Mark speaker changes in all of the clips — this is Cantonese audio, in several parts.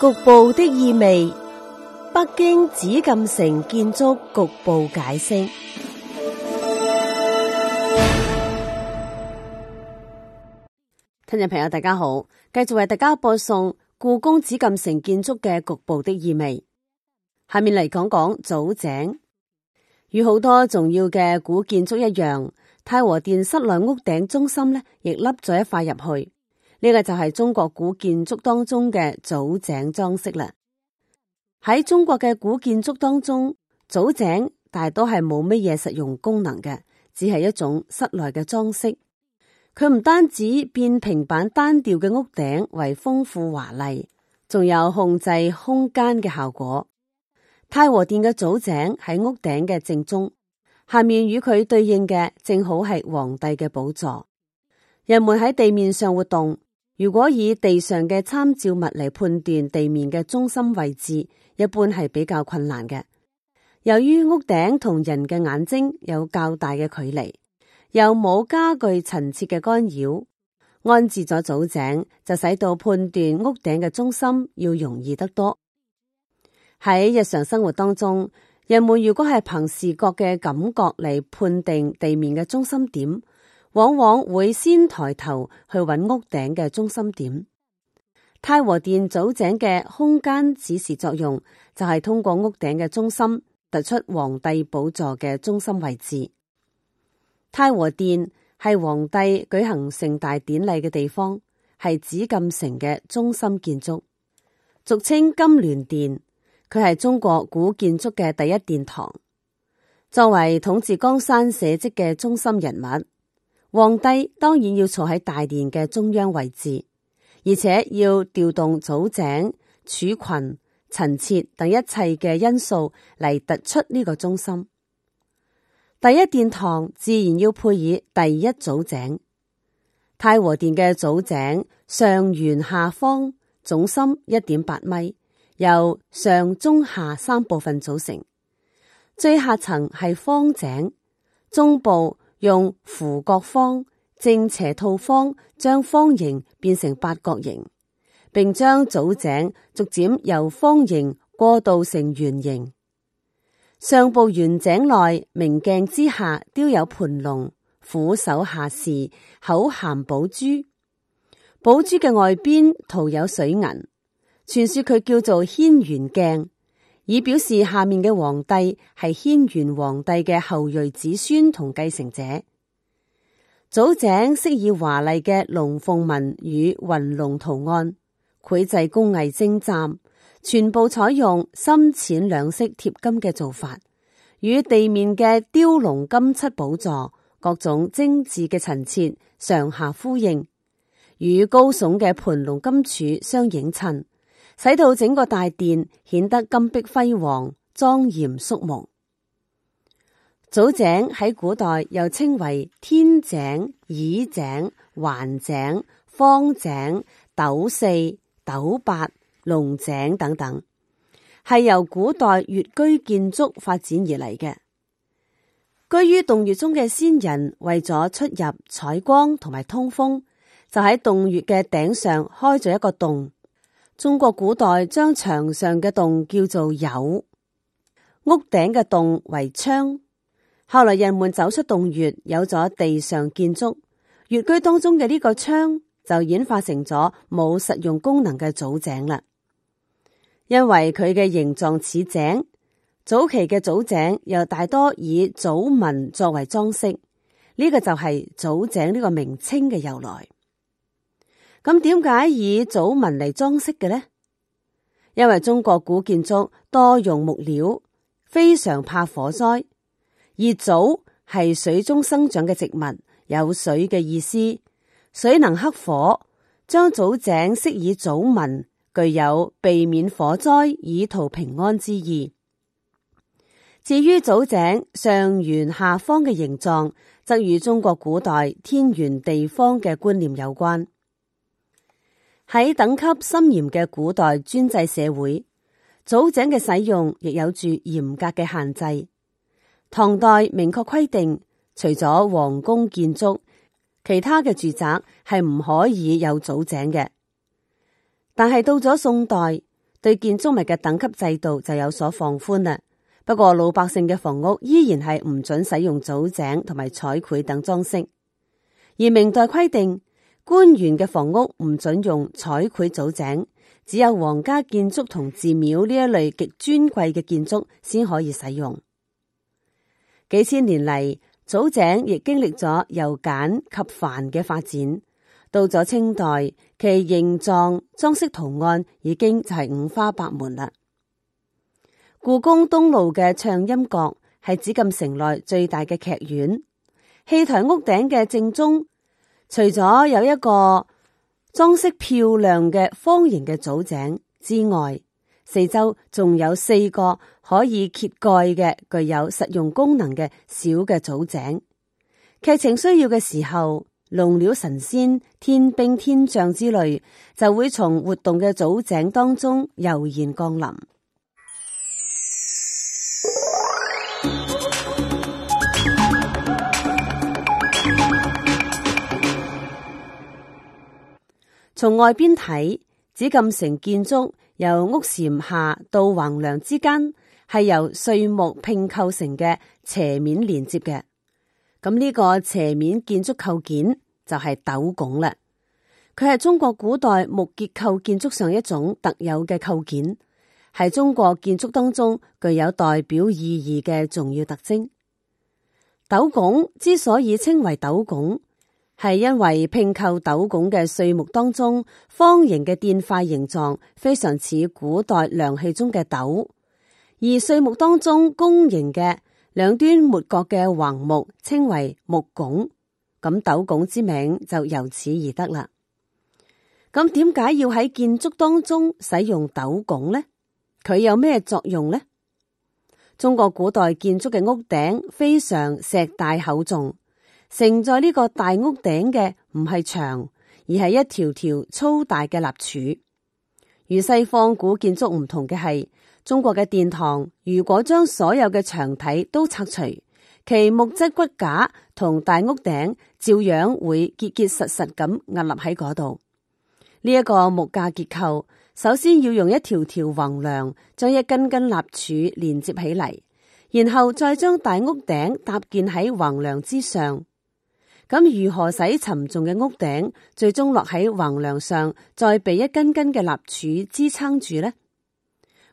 Speaker 1: 局部的意味，北京紫禁城建築局部解析。聽眾朋友大家好，繼續為大家播送故宮紫禁城建築嘅局部的意味。下面嚟講講藻井。與好多重要嘅古建築一樣，太和殿室內屋頂中心咧，亦凹咗一塊入去。呢個就係中國古建築當中嘅藻井裝飾啦。喺中國嘅古建築當中，藻井大多係冇乜嘢實用功能嘅，只係一種室內嘅裝飾。佢唔單止變平板單調嘅屋頂為豐富華麗，仲有控制空間嘅效果。太和殿嘅藻井喺屋頂嘅正中，下面與佢對應嘅正好係皇帝嘅寶座。人們喺地面上活動。如果以地上嘅參照物嚟判斷地面嘅中心位置，一般係比較困難嘅。由於屋頂同人嘅眼睛有較大嘅距離，又冇家具層次嘅干擾，安置咗藻井就使到判斷屋頂嘅中心要容易得多。喺日常生活當中，人們如果係憑視覺嘅感覺嚟判定地面嘅中心點。往往會先抬頭去揾屋頂嘅中心點。太和殿藻井嘅空間指示作用就係通過屋頂嘅中心突出皇帝寶座嘅中心位置。太和殿係皇帝舉行盛大典禮嘅地方，係紫禁城嘅中心建築，俗稱金鑾殿。佢係中國古建築嘅第一殿堂，作為統治江山社稷嘅中心人物。皇帝當然要坐喺大殿嘅中央位置，而且要調動藻井、柱群、陳設等一切嘅因素嚟突出呢個中心。第一殿堂自然要配以第一藻井。太和殿嘅藻井上圓下方，總深一點八米，由上中下三部分組成，最下層係方井，中部。用扶角方正斜套方將方形變成八角形，並將藻井逐漸由方形過渡成圓形。上部圓井內明鏡之下雕有盤龍，俯首下視，口含寶珠。寶珠嘅外邊塗有水銀，傳說佢叫做軒轅鏡，以表示下面嘅皇帝係軒轅皇帝嘅後裔子孫同繼承者。藻井飾以華麗嘅龍鳳紋與雲龍圖案，繪製工藝精湛，全部採用深淺兩色貼金嘅做法，與地面嘅雕龍金漆寶座、各種精緻嘅陳設上下呼應，與高聳嘅盤龍金柱相映襯。使到整個大殿顯得金碧輝煌、莊嚴肅穆。藻井喺古代又稱為天井、耳井、環井、方井、斗四、斗八、龍井等等，係由古代穴居建築發展而嚟嘅。居於洞穴中嘅先人為咗出入採光同埋通風，就喺洞穴嘅頂上開咗一個洞。中國古代將牆上嘅洞叫做「牖」，屋頂嘅洞為窗。後來人們走出洞穴，有咗地上建築，穴居當中嘅呢個窗就演化成咗冇實用功能嘅藻井啦。因為佢嘅形狀似井，早期嘅藻井又大多以藻紋作為裝飾，呢個就係藻井呢個名稱嘅由來。咁點解以藻紋嚟裝飾嘅呢？因為中國古建築多用木料，非常怕火災。而藻係水中生長嘅植物，有水嘅意思，水能克火，將藻井飾以藻紋，具有避免火災、以圖平安之意。至於藻井上圓下方嘅形狀，則與中國古代天圓地方嘅觀念有關。喺等級森嚴嘅古代專制社會，藻井嘅使用亦有住嚴格嘅限制。唐代明確規定，除咗皇宮建築，其他嘅住宅係唔可以有藻井嘅。但係到咗宋代，對建築物嘅等級制度就有所放寬啦。不過老百姓嘅房屋依然係唔准使用藻井同埋彩繪等裝飾。而明代規定，官員嘅房屋唔准用彩繪藻井，只有皇家建築同寺廟呢一類極尊貴嘅建築先可以使用。幾千年嚟，藻井亦經歷咗由簡及繁嘅發展。到咗清代，其形狀、裝飾圖案已經就係五花八門啦。故宮東路嘅暢音閣係紫禁城內最大嘅劇院，戲台屋頂嘅正中。除咗有一個裝飾漂亮嘅方形嘅藻井之外，四周仲有四個可以揭蓋嘅具有實用功能嘅小嘅藻井。劇情需要嘅時候，龍鳥神仙、天兵天將之類就會從活動嘅藻井當中悠然降臨。從外邊睇，紫禁城建築由屋檐下到橫梁之間，係由碎木拼構成嘅斜面連接嘅。咁呢個斜面建築構件就係斗拱啦。佢係中國古代木結構建築上一種特有嘅構件，係中國建築當中具有代表意義嘅重要特徵。斗拱之所以稱為斗拱。係因為拼構斗拱嘅碎木當中，方形嘅墊塊形狀非常似古代量器中嘅斗，而碎木當中弓形嘅兩端抹角嘅橫木稱為木拱，咁斗拱之名就由此而得啦。咁點解要喺建築當中使用斗拱呢？佢有咩作用呢？中國古代建築嘅屋頂非常石大厚重。承載呢個大屋頂嘅唔係牆，而係一條條粗大嘅立柱。與西方古建築唔同嘅係，中國嘅殿堂如果將所有嘅牆體都拆除，其木質骨架同大屋頂照樣會結結實實咁屹立喺嗰度。呢一個木架結構，首先要用一條條橫樑將一根根立柱連接起嚟，然後再將大屋頂搭建喺橫樑之上。咁如何使沉重嘅屋頂最終落喺橫梁上，再被一根根嘅立柱支撐住呢？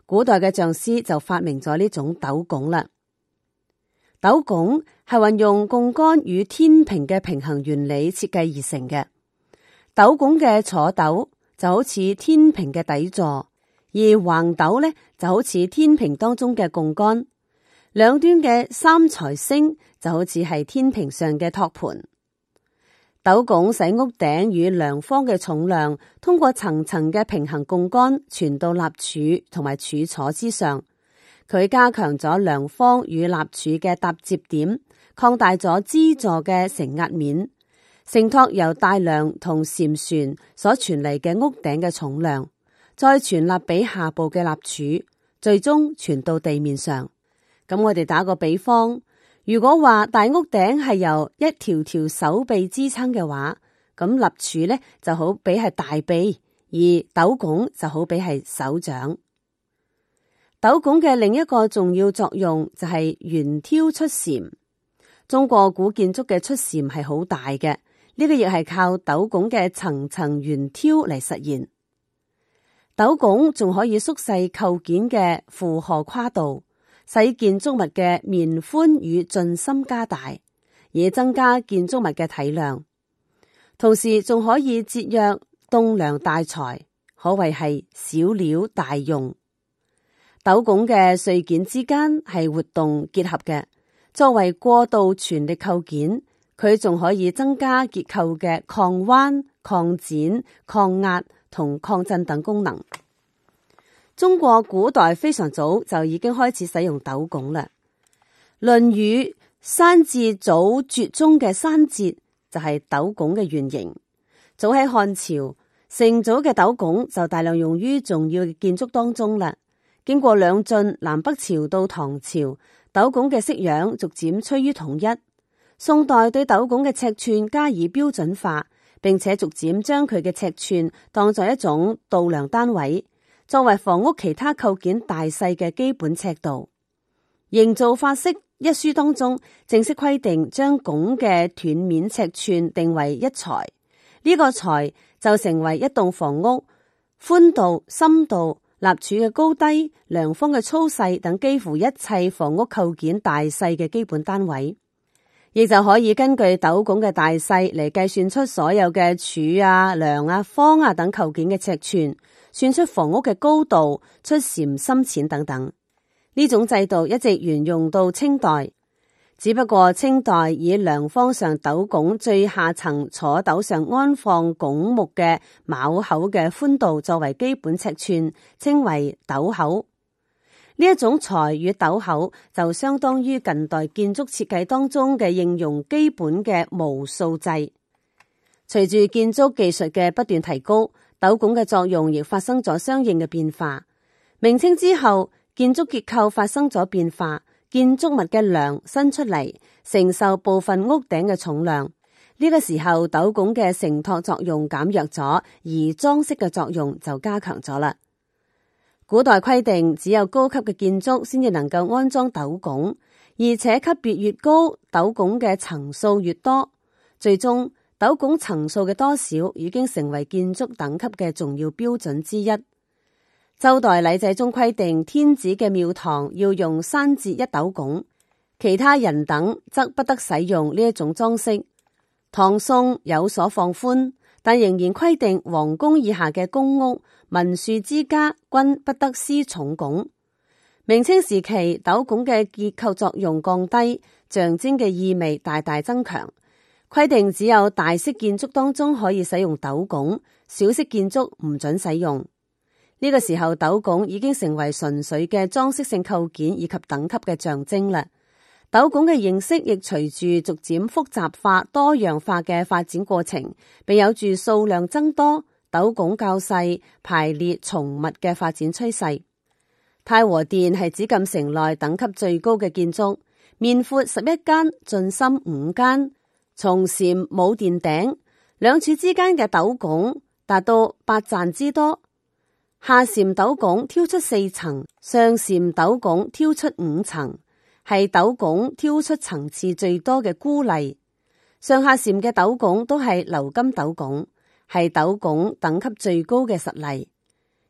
Speaker 1: 古代嘅匠師就發明咗呢種斗拱啦。斗拱係運用槓桿與天平嘅平衡原理設計而成嘅。斗拱嘅坐斗就好似天平嘅底座，而橫斗咧就好似天平當中嘅槓桿，兩端嘅三才星就好似係天平上嘅托盤。斗拱使屋頂與梁方嘅重量通過層層嘅平行槓桿傳到立柱同埋柱礎之上，佢加強咗梁方與立柱嘅搭接點，擴大咗支座嘅承壓面，承托由大梁同禪船所傳嚟嘅屋頂嘅重量，再傳立俾下部嘅立柱，最終傳到地面上。咁我哋打個比方。如果話大屋頂係由一條條手臂支撐嘅話，咁立柱咧就好比係大臂，而斗拱就好比係手掌。斗拱嘅另一個重要作用就係懸挑出檐，中國古建築嘅出檐係好大嘅，呢個亦係靠斗拱嘅層層懸挑嚟實現。斗拱仲可以縮細構件嘅負荷跨度。使建築物嘅面寬與進深加大，也增加建築物嘅體量，同時仲可以節約棟梁大材，可謂係小料大用。斗拱嘅碎件之間係活動結合嘅，作為過渡全力構件，佢仲可以增加結構嘅抗彎、抗剪、抗壓同抗震等功能。中國古代非常早就已經開始使用斗拱啦，《論語·山節藻梲》中嘅山節就係、是、斗拱嘅原型。早喺漢朝，成組嘅斗拱就大量用於重要嘅建築當中啦。經過兩晉、南北朝到唐朝，斗拱嘅式樣逐漸趨於統一。宋代對斗拱嘅尺寸加以標準化，並且逐漸將佢嘅尺寸當作一種度量單位。作為房屋其他構件大細嘅基本尺度，《營造法式》一書當中正式規定，將拱嘅斷面尺寸定為一材，呢、這個材就成為一棟房屋寬度、深度、立柱嘅高低、梁方嘅粗細等幾乎一切房屋構件大細嘅基本單位，亦就可以根據斗拱嘅大細嚟計算出所有嘅柱啊、梁啊、方啊等構件嘅尺寸。算出房屋嘅高度、出檐深淺等等，呢種制度一直沿用到清代。只不過清代以梁方上斗拱最下層坐斗上安放拱木嘅卯口嘅寬度作為基本尺寸，稱為斗口。呢一種材與斗口就相當於近代建築設計當中嘅應用基本嘅模數制。隨住建築技術嘅不斷提高。斗拱嘅作用亦發生咗相應嘅變化。明清之後，建築結構發生咗變化，建築物嘅梁伸出嚟，承受部分屋頂嘅重量。呢、這個時候，斗拱嘅承托作用減弱咗，而裝飾嘅作用就加強咗啦。古代規定，只有高級嘅建築先至能夠安裝斗拱，而且級別越高，斗拱嘅層數越多，最終。斗拱層數嘅多少已經成為建築等級嘅重要標準之一。周代禮制中規定，天子嘅廟堂要用山節一斗拱，其他人等則不得使用呢一種裝飾。唐宋有所放寬，但仍然規定皇宮以下嘅公屋、民庶之家均不得施重拱。明清時期，斗拱嘅結構作用降低，象徵嘅意味大大增強。規定只有大式建築當中可以使用斗拱，小式建築唔准使用。呢、這個時候，斗拱已經成為純粹嘅裝飾性構件以及等級嘅象徵啦。斗拱嘅形式亦隨住逐漸複雜化、多樣化嘅發展過程，並有住數量增多、斗拱較細、排列重密嘅發展趨勢。太和殿係紫禁城內等級最高嘅建築，面闊十一間，進深五間。從檐廡殿頂兩柱之間嘅斗拱達到八攢之多，下檐斗拱挑出四層，上檐斗，斗拱挑出五層，係斗拱挑出層次最多嘅孤例。上下檐嘅斗拱都係鎏金斗拱，係斗拱等級最高嘅實例。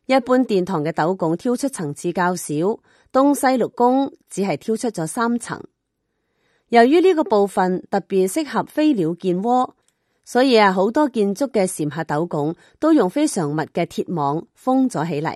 Speaker 1: 一般殿堂嘅斗拱挑出層次較少，東西六宮只係挑出咗三層。由於呢個部分特別適合飛鳥建窩，所以啊，好多建築嘅檐下斗拱都用非常密嘅鐵網封咗起嚟。